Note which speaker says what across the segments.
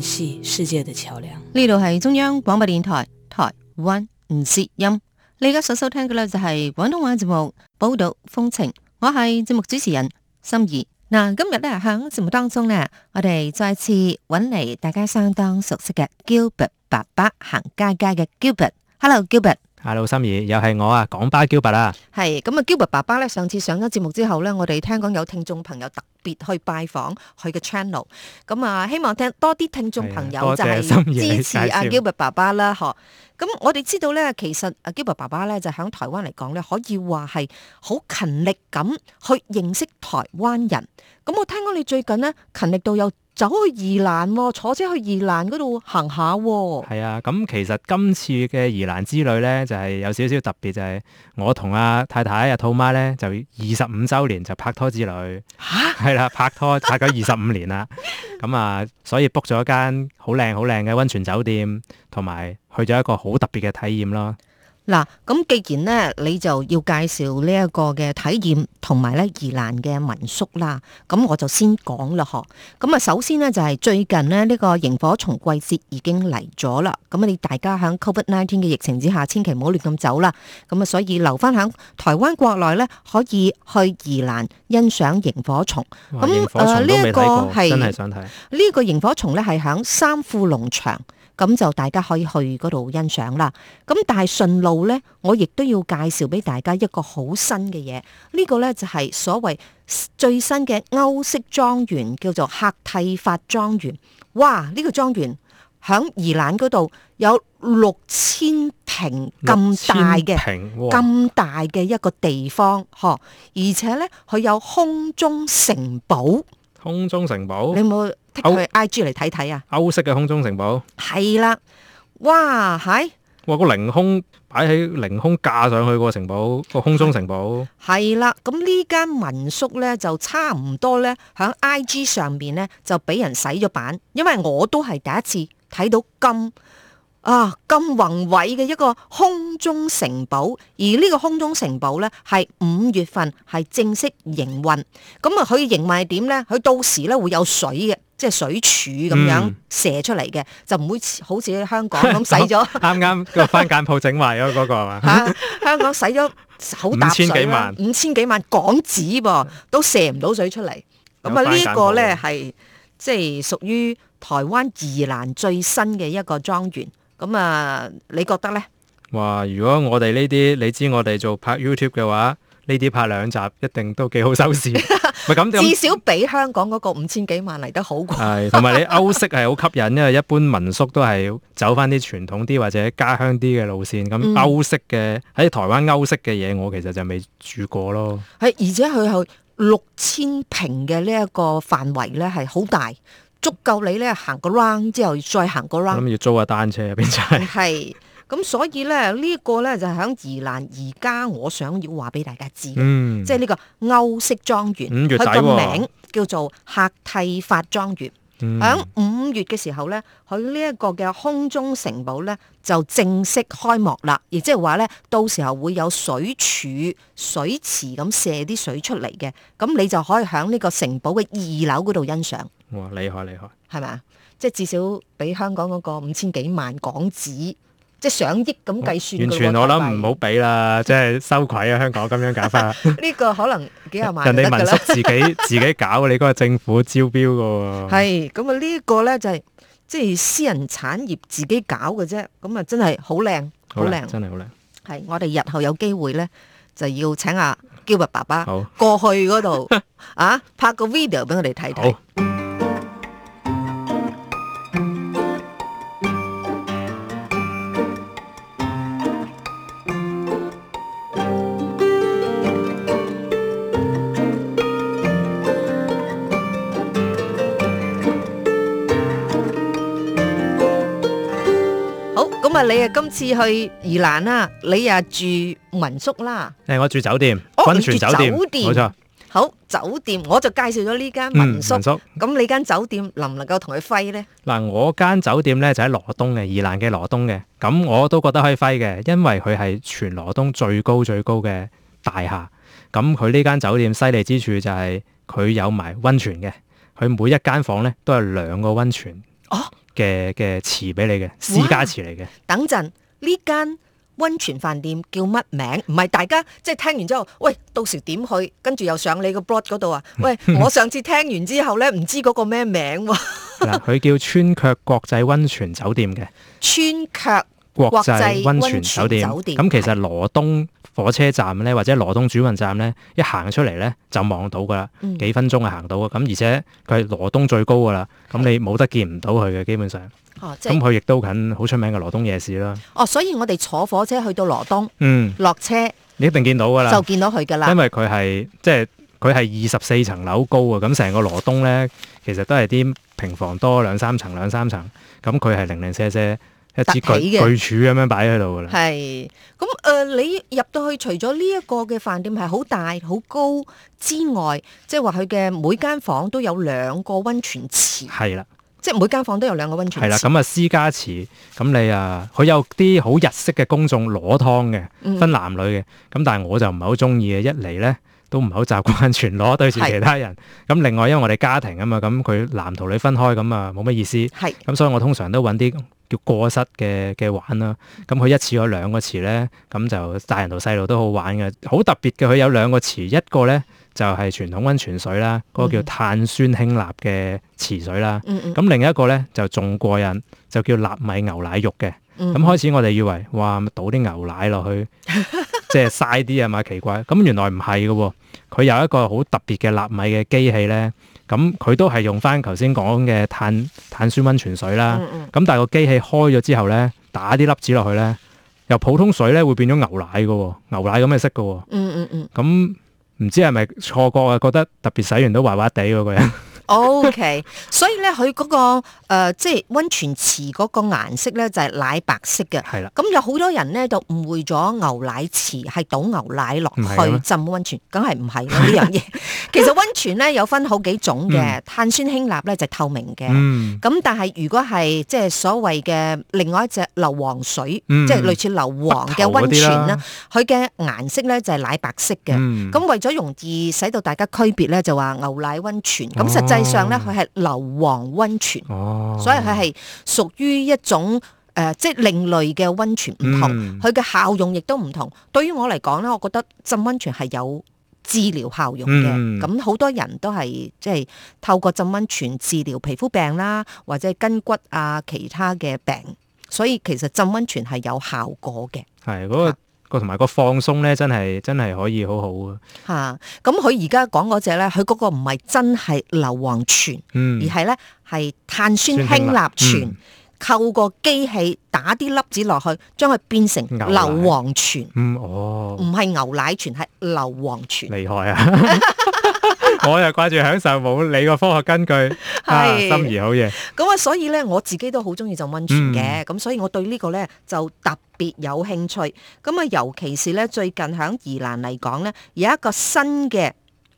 Speaker 1: 係世界的橋梁。呢度係中央廣播電台，台灣唔設音。你而家所收聽嘅呢，就係廣東話節目《寶島風情》，我係節目主持人心儀。嗱，今日咧響節目當中呢，我哋再次揾嚟大家相當熟悉嘅 Gilbert 爸爸行街街嘅 Gilbert。Hello，Gilbert。
Speaker 2: Hello，心儀又係我啊，講巴 Gilbert 啦，
Speaker 1: 係咁啊。Gilbert 爸爸咧，上次上咗節目之後咧，我哋聽講有聽眾朋友特別去拜訪佢嘅 channel，咁啊，希望聽多啲聽眾朋友就係支持阿 Gilbert 爸爸啦。嗬，咁我哋知道咧，其實阿 Gilbert 爸爸咧就喺台灣嚟講咧，可以話係好勤力咁去認識台灣人。咁、嗯、我聽講你最近呢，勤力到有。走去宜蘭、哦，坐車去宜蘭嗰度行下、哦。
Speaker 2: 係啊，咁、嗯、其實今次嘅宜蘭之旅呢，就係、是、有少少特別，就係、是、我同阿太太阿兔媽呢，就二十五週年就拍拖之旅。嚇、啊！係啦、啊，拍拖拍咗二十五年啦，咁啊、 嗯嗯，所以 book 咗一間好靚好靚嘅温泉酒店，同埋去咗一個好特別嘅體驗咯。
Speaker 1: 嗱，咁既然咧，你就要介紹呢一個嘅體驗同埋咧，宜蘭嘅民宿啦。咁我就先講啦，嗬。咁啊，首先呢，就係最近呢，呢個螢火蟲季節已經嚟咗啦。咁你大家喺 COVID-19 嘅疫情之下，千祈唔好亂咁走啦。咁啊，所以留翻喺台灣國內咧，可以去宜蘭欣賞螢火蟲。螢火蟲都未睇過、呃這個、真
Speaker 2: 係想
Speaker 1: 睇。呢個螢火蟲咧，係喺三富農場。咁就大家可以去嗰度欣賞啦。咁但係順路呢，我亦都要介紹俾大家一個好新嘅嘢。呢、這個呢，就係、是、所謂最新嘅歐式莊園，叫做赫蒂法莊園。哇！呢、這個莊園響宜蘭嗰度有六千坪咁大嘅咁大嘅一個地方，嗬！而且呢，佢有空中城堡，空中城堡你有冇？佢 I G 嚟睇睇啊！看看
Speaker 2: 歐式嘅空中城堡，
Speaker 1: 係啦，哇，係，
Speaker 2: 哇、個凌空擺喺凌空架上去個城堡、個空中城堡，
Speaker 1: 係啦，咁呢間民宿咧就差唔多咧，喺 I G 上面咧就俾人洗咗版，因為我都係第一次睇到咁。啊！咁宏偉嘅一個空中城堡，而呢個空中城堡咧，係五月份係正式營運。咁啊，佢營運係點咧？佢到時咧會有水嘅，即係水柱咁樣射出嚟嘅，嗯、就唔會好似喺香港咁使咗。啱啱、嗯、 個
Speaker 2: 番間鋪整壞咗嗰、嗰個 啊
Speaker 1: 嘛！香港使咗好大，五千幾萬,五千幾萬港紙噃，都射唔到水出嚟。咁啊，呢個咧係即係屬於台灣宜蘭最新嘅一個莊園。咁啊、嗯，你覺得呢？
Speaker 2: 哇！如果我哋呢啲，你知我哋做拍 YouTube 嘅話，呢啲拍兩集一定都幾好收視。 至少
Speaker 1: 比香港嗰個五千幾萬嚟得好
Speaker 2: 貴。同 埋你歐式係好吸引，因為一般民宿都係走翻啲傳統啲或者家鄉啲嘅路線。咁歐式嘅喺、嗯、台灣歐式嘅嘢，我其實就未住過咯。
Speaker 1: 係，而且佢係六千平嘅呢一個範圍呢，係好大。足夠你咧行個 round 之後再行個 round，咁要租下單車啊，邊仔係咁，所以咧呢個咧就喺宜蘭而家，我想要話俾、 這個、大家知，即係呢個歐式莊園，佢個名叫做赫蒂法莊園。喺五、嗯、月嘅時候咧，佢呢一個嘅空中城堡咧就正式開幕啦，亦即係話咧，到時候會有水柱、水池咁射啲水出嚟嘅，咁你就可以喺呢個城堡嘅二樓嗰度欣賞。哇！厲害厲害，係咪？即係至少比香港嗰個五千幾萬港紙，即係上億咁計算。完全我諗
Speaker 2: 唔好比啦，即係收愧啊！香港咁樣搞法，
Speaker 1: 呢個可能幾廿萬。人哋民宿自己
Speaker 2: 自己搞，你嗰個政府招標噶喎。係
Speaker 1: 咁啊！呢個咧就係即係私人產業自己搞嘅啫。咁啊，真係好靚，好靚，真係好靚。係我哋日後有機會咧，就要請阿 Gilbert 爸爸過去嗰度啊，拍個 video 俾我哋睇睇。你啊，今次去宜蘭啦，你啊住民宿啦。
Speaker 2: 誒、欸，我住酒店，温噢泉酒店，酒店錯好
Speaker 1: 酒店，我就介紹咗呢間民宿。嗯、民宿。咁你間酒店能唔能夠同佢揮呢？
Speaker 2: 嗱，我間酒店咧就喺羅東嘅宜蘭嘅羅東嘅，咁我都覺得可以揮嘅，因為佢係全羅東最高最高嘅大廈。咁佢呢間酒店犀利之處就係佢有埋温泉嘅，佢每一間房咧都係兩個温
Speaker 1: 泉。哦。
Speaker 2: 嘅嘅池俾你嘅私家池嚟嘅。
Speaker 1: 等陣，呢間温泉飯店叫乜名？唔係大家即係聽完之後，喂，到時點去？跟住又上你個 blog 嗰度啊！喂，我上次聽完之後呢，唔 知嗰個咩名喎、啊。嗱，佢
Speaker 2: 叫村却國際温泉酒店嘅。
Speaker 1: 村却國際温泉酒店。咁、嗯、其
Speaker 2: 實羅東，火車站咧，或者羅東主運站咧，一行出嚟咧就望到㗎喇，幾分鐘就行到㗎，咁而且佢係羅東最高㗎喇，咁你冇得見唔到佢嘅基本上，咁佢亦都近好出名嘅羅東夜市啦。
Speaker 1: 哦，所以我哋坐火車去到羅東，嗯，落車你
Speaker 2: 一定見到㗎喇，就
Speaker 1: 見到佢㗎喇，因為
Speaker 2: 佢係即係佢係二十四層樓高啊，咁成個羅東咧其實都係啲平房多兩三層兩三層，咁佢係零零舍舍特起嘅巨柱咁樣擺喺度噶啦，
Speaker 1: 係咁誒，你入到去除咗呢一個嘅飯店係好大好高之外，即係話佢嘅每間房都有兩個温泉池，係啦了，即係每間房都有兩個温泉池，係啦，咁、嗯、
Speaker 2: 啊私家池，咁你啊，佢有啲好日式嘅公眾攞湯嘅，分男女嘅，咁、嗯嗯、但係我就唔係好中意嘅，一嚟咧都唔係好習慣全裸對住其他人，咁是另外因為我哋家庭啊嘛，咁佢男同女分開咁啊冇乜意思，係是，咁是所以我通常都揾啲。叫過失嘅嘅玩啦，咁、嗯、佢、嗯、一次有兩個池咧，咁就大人同細路都好玩嘅，好特別嘅。佢有兩個池，一個咧就係、是、傳統温泉水啦，嗰個叫碳酸氫鈉嘅池水啦，咁、嗯嗯、另一個咧就仲過癮，就叫納米牛奶浴嘅。咁、嗯嗯、開始我哋以為，哇，倒啲牛奶落去，即係曬啲呀嘛，奇怪？咁、嗯、 原來唔係嘅喎，佢有一個好特別嘅納米嘅機器咧。咁佢都係用翻頭先講嘅碳碳酸溫泉水啦。咁、嗯嗯、但係個機器開咗之後咧，打啲粒子落去咧，由普通水咧會變咗牛奶嘅喎、哦，牛奶咁嘅色嘅喎、哦。嗯嗯嗯。咁唔、嗯、知係咪錯覺啊？覺得特別洗完都滑滑地嗰個人。嗯嗯
Speaker 1: O.K. 所以咧，佢嗰個誒即係温泉池嗰個顏色咧，就係奶白色嘅。係啦。咁有好多人咧就誤會咗牛奶池係倒牛奶落去浸温泉，梗係唔係啦，呢樣嘢。其實温泉咧有分好幾種嘅，碳酸氫鈉咧就係透明嘅。嗯。咁但係如果係即係所謂嘅另外一隻硫磺水，嗯。即係類似硫磺嘅温泉啦，佢嘅顏色咧就係奶白色嘅。嗯。咁為咗容易使到大家區別咧，就話牛奶温泉，咁實際。實際上咧，佢係硫磺温泉，哦、所以佢係屬於一種誒、呃，即係另類嘅温泉，唔同。佢嘅、嗯、效用亦都唔同。對於我嚟講咧，我覺得浸温泉係有治療效用嘅。咁好、嗯、多人都係即係透過浸温泉治療皮膚病啦，或者係筋骨啊其他嘅病。所以其實浸温泉係有效果嘅。
Speaker 2: 係的、啊那個。.個同埋個放鬆咧，真係真係可以好好啊！
Speaker 1: 嚇，咁佢，嗯、而家講嗰隻咧，佢嗰個唔係真係硫磺泉，嗯，嗯，而係咧係碳酸氫鈉泉，透過機器打啲粒子落去，將佢變成硫磺泉。哦奶，唔係，嗯 oh. 牛奶泉，係硫磺泉。厲害啊！
Speaker 2: 我又掛住享受，冇你個科學根據，是啊、心儀好嘢。
Speaker 1: 咁啊，所以咧我自己都好中意浸温泉嘅。咁、嗯、所以我對個呢個咧就特別有興趣。咁啊，尤其是咧最近喺宜蘭嚟講咧有一個新嘅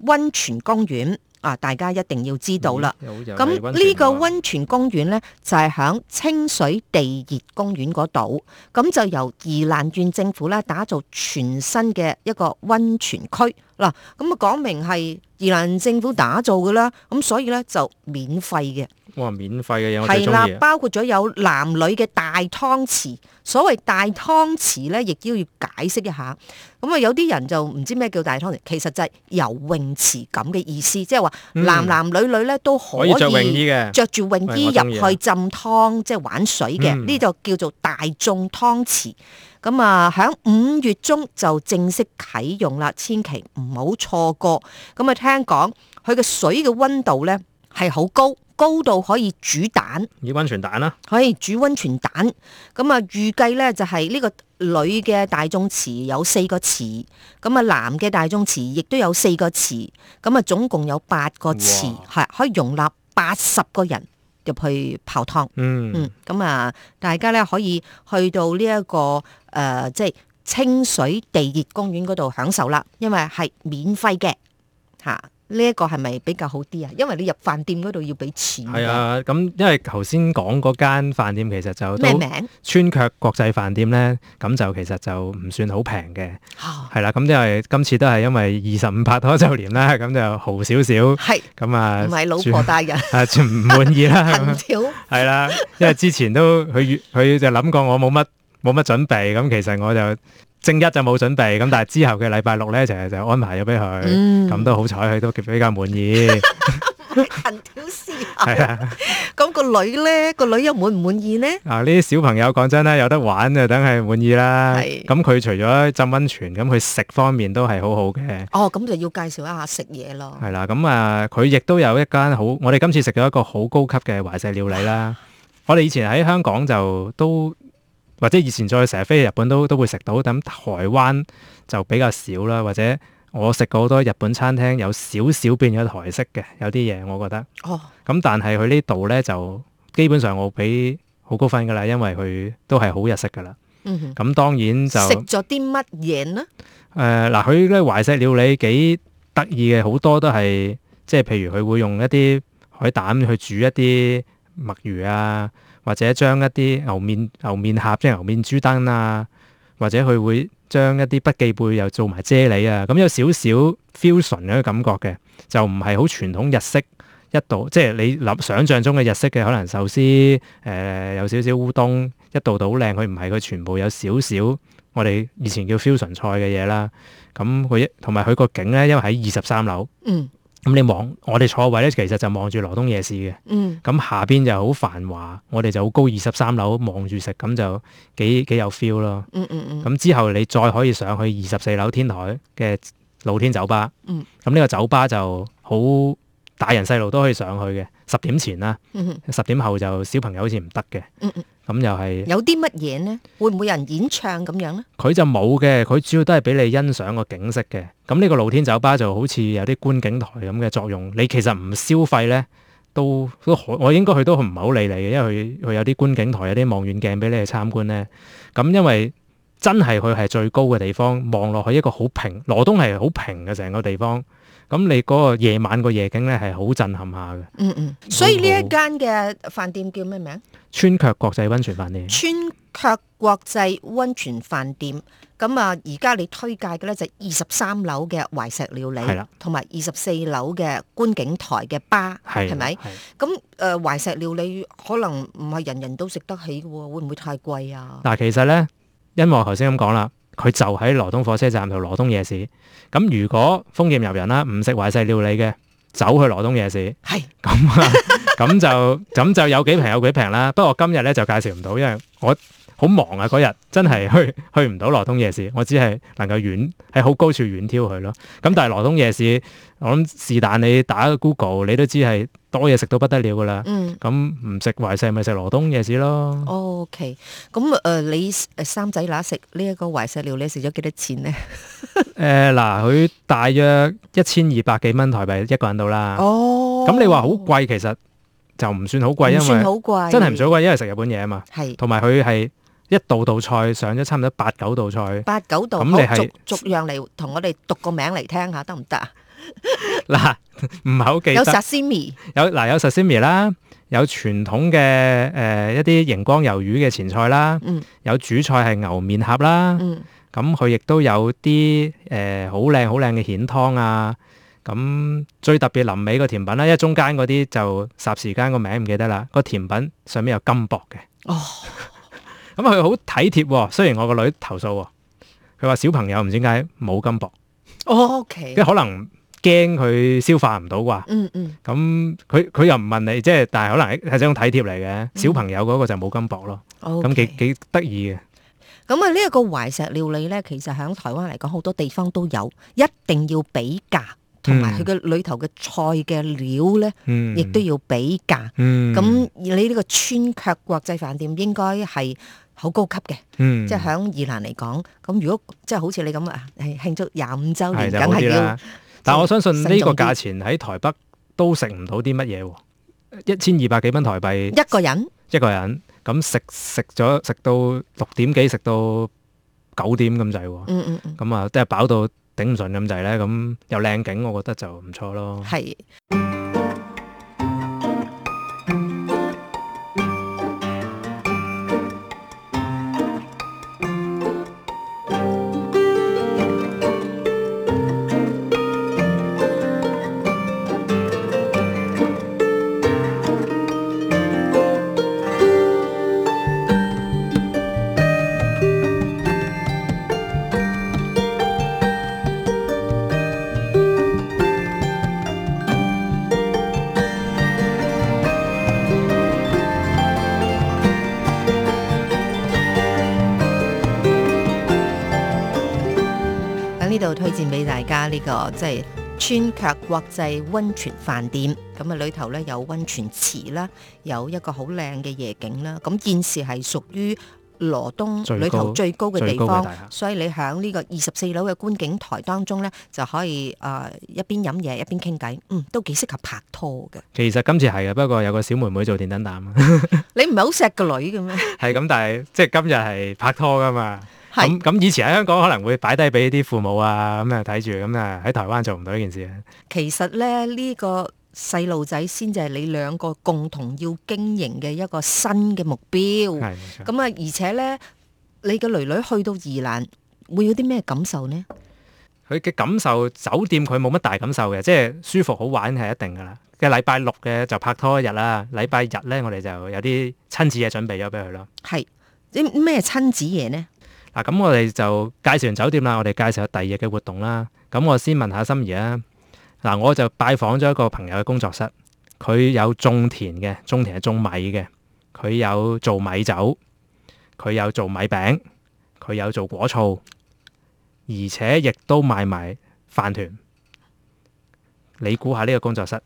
Speaker 1: 温泉公園。啊！大家一定要知道啦。咁呢、嗯、個温泉公園呢，就係、是、響清水地熱公園嗰度。咁就由宜蘭縣政府咧打造全新嘅一個温泉區。嗱，咁啊講明係宜蘭政府打造嘅啦。咁所以呢，就免費嘅。
Speaker 2: 哇！免費嘅嘢我最中意，包
Speaker 1: 括咗有男女嘅大湯池。所謂大湯池咧，亦都要解釋一下。咁啊，有啲人就唔知咩叫大湯池，其實就係游泳池咁嘅意思，嗯、即係話男男女女咧都可以著泳衣嘅，著住泳衣、嗯、入去浸湯，即係玩水嘅。呢度、嗯、叫做大眾湯池。咁啊，喺五月中就正式啟用啦，千祈唔好錯過。咁啊，聽講佢嘅水嘅温度咧。係好高，高度可以煮蛋，以温泉蛋啦、啊，可以煮温泉蛋。咁啊，預計咧就係、是、呢個女嘅大眾池有四個池，咁啊男嘅大眾池亦都有四個池，咁啊總共有八個池，係哇可以容納八十個人入去泡湯。嗯，咁啊、嗯，大家咧可以去到呢、這、一個誒、呃，即係清水地熱公園嗰度享受啦，因為係免費嘅嚇。呢一個係咪比較好啲啊？因為你入飯店嗰度要俾錢。係啊，
Speaker 2: 咁因為頭先講嗰間飯店其實就咩名？村卻國際飯店咧，咁就其實就唔算好平嘅。係啦、哦，咁因為今次都係因為二十五拍拖周年啦，咁就豪少少。係是。咁啊就。唔係老婆大人。 全唔滿意啦。恆超。係啦，因為之前都佢佢就諗過我冇乜冇乜準備，咁其實我就。正一就冇準備，咁但係之後嘅禮拜六咧就就安排咗俾佢。咁都好彩，佢都比較滿意。行屌事，係啊！
Speaker 1: 咁個女咧，個女又滿唔滿意咧？
Speaker 2: 啊！呢啲小朋友講真咧，有得玩就梗係滿意啦。係咁，佢除咗浸温泉，咁佢食方面都係好好嘅。
Speaker 1: 哦，咁就要介紹一下食嘢
Speaker 2: 咯。係啦，咁啊，佢亦都有一間好，我哋今次食咗一個好高級嘅懷石料理啦。我哋以前喺香港就都。或者以前再成日飛去日本都都會食到，咁台灣就比較少啦。或者我食過好多日本餐廳，有少少變咗台式嘅，有啲嘢我覺得。哦。咁、嗯、但係佢呢度呢，就基本上我俾好高分噶啦，因為佢都係好日式噶啦。咁、嗯哼嗯、當然就食
Speaker 1: 咗啲乜嘢呢？誒
Speaker 2: 嗱、呃，佢咧懷石料理幾得意嘅，好多都係即係譬如佢會用一啲海膽去煮一啲墨魚啊。或者將一啲牛面牛面盒即係牛面豬燈啊，或者佢會將一啲筆記背又做埋啫喱啊，咁、嗯、有少少 fusion 嘅感覺嘅，就唔係好傳統日式一度，即係你諗想像中嘅日式嘅可能壽司誒、呃、有少少烏冬一度到好靚，佢唔係佢全部有少少我哋以前叫 fusion 菜嘅嘢啦，咁佢同埋佢個景咧，因為喺二十三樓。咁你望我哋坐位咧，其實就望住羅東夜市嘅，咁、嗯、下邊就好繁華。我哋就好高二十三樓望住食，咁就幾幾有 feel 咯。咁、嗯嗯嗯、之後你再可以上去二十四樓天台嘅露天酒吧。咁呢、嗯、個酒吧就好。大人細路都可以上去嘅，十點前啦，嗯、哼十點後就小朋友好似唔得嘅。咁又係有
Speaker 1: 啲乜嘢呢？會唔會有人演唱咁樣呢？
Speaker 2: 佢就冇嘅，佢主要都係俾你欣賞個景色嘅。咁呢個露天酒吧就好似有啲觀景台咁嘅作用。你其實唔消費呢，都，都我應該佢都唔係好理你嘅，因為佢有啲觀景台有啲望遠鏡俾你去參觀呢。咁因為真係佢係最高嘅地方，望落去一個好平，羅東係好平嘅成個地方。咁你嗰個夜晚個夜景咧係好震撼下嘅。嗯嗯，
Speaker 1: 所以呢一間嘅飯店叫咩名？
Speaker 2: 村却國際温泉飯店。村
Speaker 1: 却國際温泉飯店。咁啊，而家你推介嘅咧就係二十三樓嘅懷石料理，同埋二十四樓嘅觀景台嘅的吧，係咪的？咁誒，懷石料理可能唔係人人都食得起嘅喎，會唔會太貴啊？
Speaker 2: 嗱，其實咧，因為頭先咁講啦。佢就喺羅東火車站度，羅東夜市。咁如果封店遊人啦，唔食懷石料理嘅，走去羅東夜市，係咁，咁就咁就有幾平有幾平啦。不過今日咧就介紹唔到，因為我。好忙啊！嗰日真係去去唔到羅東夜市，我只係能夠遠喺好高處遠眺佢咯。咁、嗯、但係羅東夜市，我諗是但你打個 Google 你都知係多嘢食到不得了噶啦。咁唔、嗯嗯、食懷石咪食羅東夜市咯。O、
Speaker 1: okay. K、嗯。咁、呃、誒你誒三仔乸食呢一個懷石料你食咗幾多錢呢？
Speaker 2: 誒 嗱、呃，佢大約一千二百幾蚊台幣一個人到啦。哦。咁、嗯、你話好貴其實就唔算好貴，貴因為真係唔算好貴，你因為食日本嘢啊嘛。同埋佢係。是一道道菜上咗差唔多八九道菜，八
Speaker 1: 九道咁你係逐樣嚟同我哋讀個名嚟聽下得唔得啊？
Speaker 2: 嗱，唔係好記得有 sashimi，有嗱有 sashimi 啦，有傳統嘅誒一啲熒光魷魚嘅前菜啦，嗯，有主菜係牛面盒啦，嗯，咁佢亦都有啲誒好靚好靚嘅蜆湯啊，咁最特別臨尾個甜品啦，因為中間嗰啲就霎時間個名唔記得啦，個甜品上面有金箔嘅，哦。咁佢好體貼，雖然我個女投訴，佢話小朋友唔知點解冇金箔
Speaker 1: ，O K，即係可
Speaker 2: 能驚佢消化唔到啩，嗯嗯，咁佢佢又唔問你，即係但係可能係一種體貼嚟嘅。小朋友嗰個就冇金箔咯，咁幾幾得意
Speaker 1: 嘅。咁啊挺，呢一 Okay. 個懷石料理咧，其實喺台灣嚟講，好多地方都有，一定要比價，同
Speaker 2: 埋佢嘅
Speaker 1: 裏頭嘅菜嘅料咧，亦、嗯、都要比價。咁、嗯、你呢個村卻國際飯店應該係。好高級嘅、嗯，即係喺宜蘭嚟講，咁如果即係好似你咁啊，係慶祝廿五週年，梗係要啦。但
Speaker 2: 係我相信呢個價錢喺台北都食唔到啲乜嘢喎，一千二百幾蚊台幣一個人，一個人咁食食咗食到六點幾食到九點咁滯喎，嗯嗯，咁啊即係飽到頂唔順咁滯咧，咁又靚景，我覺得就唔
Speaker 1: 錯咯。係。呢個即係村卻國際溫泉飯店，咁啊裏頭咧有溫泉池啦，有一個好靚嘅夜景啦。咁現時係屬於羅東裏頭最高嘅地方，所以你喺呢個二十四樓嘅觀景台當中咧，就可以誒，一邊飲嘢一邊傾偈，嗯都幾適合拍拖嘅。
Speaker 2: 其實今次係呀，不過有個小妹妹做電燈膽啊。
Speaker 1: 你唔係好錫個女嘅咩？
Speaker 2: 係咁，但係即係今日係拍拖噶嘛。咁咁，以前喺香港可能會擺低俾啲父母啊，咁啊睇住。咁啊喺台灣做唔到呢件事啊。
Speaker 1: 其實咧，呢個細路仔先就係你兩個共同要經營嘅一個新嘅目標。係咁啊，而且咧，你嘅囡囡去到宜蘭會有啲咩感受咧？
Speaker 2: 佢嘅感受，酒店佢冇乜大感受嘅，即係舒服好玩係一定噶啦。嘅禮拜六嘅就拍拖一日啦，禮拜日咧我哋就有啲親子嘢準備咗俾佢咯。係啲
Speaker 1: 咩親子嘢咧？
Speaker 2: 嗱，咁、啊嗯、我哋就介紹完酒店啦，我哋介紹下第二日嘅活動啦。咁、嗯、我先問下心儀啦、啊。嗱，我就拜訪咗一個朋友嘅工作室，佢有種田嘅，種田係種米嘅，佢有做米酒，佢有做米餅，佢有做果醋，而且亦都賣埋飯團。你估下呢個工作室？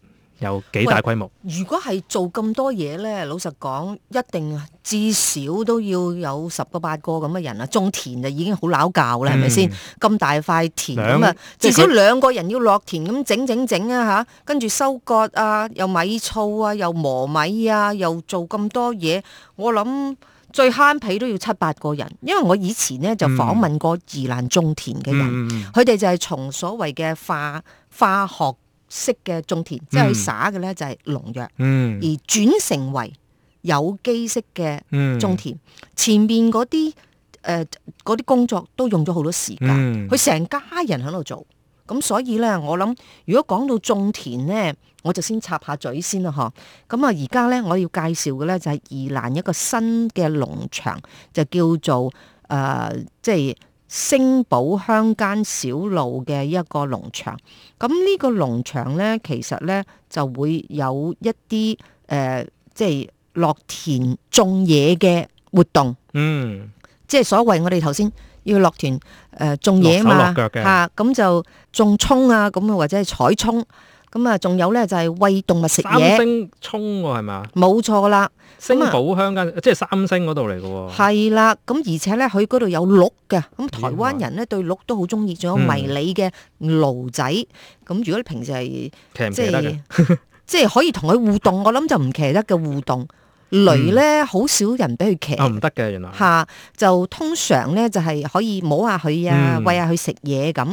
Speaker 2: 有幾大規模？
Speaker 1: 如果係做咁多嘢咧，老實講，一定至少都要有十個八個咁嘅人啊！種田就已經好撈教啦，係咪先？咁大塊田咁啊，至少兩個人要落田咁整整整，整啊嚇，跟住收割啊，又米醋啊，又磨米啊，又做咁多嘢，我諗最慳皮都要七八個人。因為我以前咧就訪問過宜蘭種田嘅人，佢哋、嗯嗯、就係從所謂嘅化化學。式嘅種田，嗯、即係佢灑嘅咧就係農藥，嗯、而轉成為有機式嘅種田。嗯、前面嗰啲誒啲工作都用咗好多時間，佢成、嗯、家人喺度做，咁所以咧我諗，如果講到種田咧，我就先插下嘴先啦，嗬，咁啊，而家咧我要介紹嘅咧就係宜蘭一個新嘅農場，就叫做誒、呃，即係。星寶鄉間小路嘅一個農場，咁呢個農場咧，其實咧就會有一啲誒、呃，即係落田種嘢嘅活動。嗯，即係所謂我哋頭先要落田誒、呃、種嘢嘛落手落腳嘅吓，咁、啊、就種葱啊，咁啊或者係採葱。咁啊，仲有咧就係餵動物食嘢。三星
Speaker 2: 蔥㗎係嘛？
Speaker 1: 冇錯啦，錯星寶
Speaker 2: 香，那麼 即係三星嗰度嚟嘅。
Speaker 1: 係啦，咁而且咧，佢嗰度有鹿嘅，咁台灣人咧對鹿都好中意，仲有迷你嘅驢仔。咁、嗯、如果你平時係騎唔騎得嘅？即係 可以同佢互動，我諗就唔騎得嘅互動。驢咧好少人俾佢騎。啊、哦，唔得嘅原來。吓，就通常咧就係可以摸下佢啊，嗯、餵下佢食嘢咁。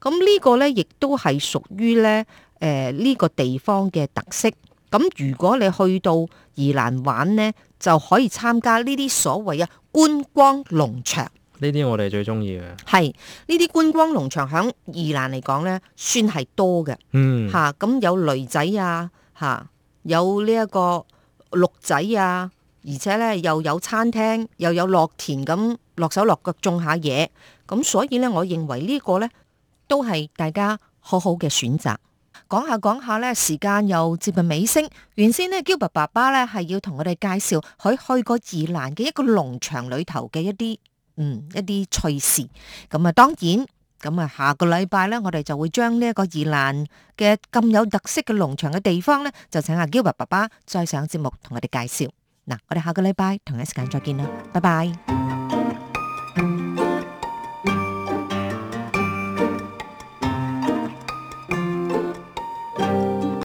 Speaker 1: 咁呢個咧亦都係屬於咧。誒呢、呃這個地方嘅特色咁、嗯，如果你去到宜蘭玩呢，就可以參加呢啲所謂啊觀光農場。呢啲
Speaker 2: 我哋最中意嘅
Speaker 1: 係呢啲觀光農場喺宜蘭嚟講呢，算係多嘅、嗯啊。嗯，嚇咁有驢仔啊，嚇、啊、有呢一個鹿仔啊，而且呢又有餐廳，又有樂田咁落手落腳種下嘢咁、嗯，所以呢，我認為呢個呢都係大家好好嘅選擇。講下講下咧，時間又接近尾聲。原先咧，Gilbert 爸爸咧係要同我哋介紹佢去過宜蘭嘅一個農場裏頭嘅一啲，嗯，一啲趣事。咁、嗯、啊，當然，咁、嗯、啊，下個禮拜咧，我哋就會將呢一個宜蘭嘅咁有特色嘅農場嘅地方咧，就請阿 Gilbert 爸爸再上節目同我哋介紹。嗱，我哋下個禮拜同一時間再見啦，拜拜。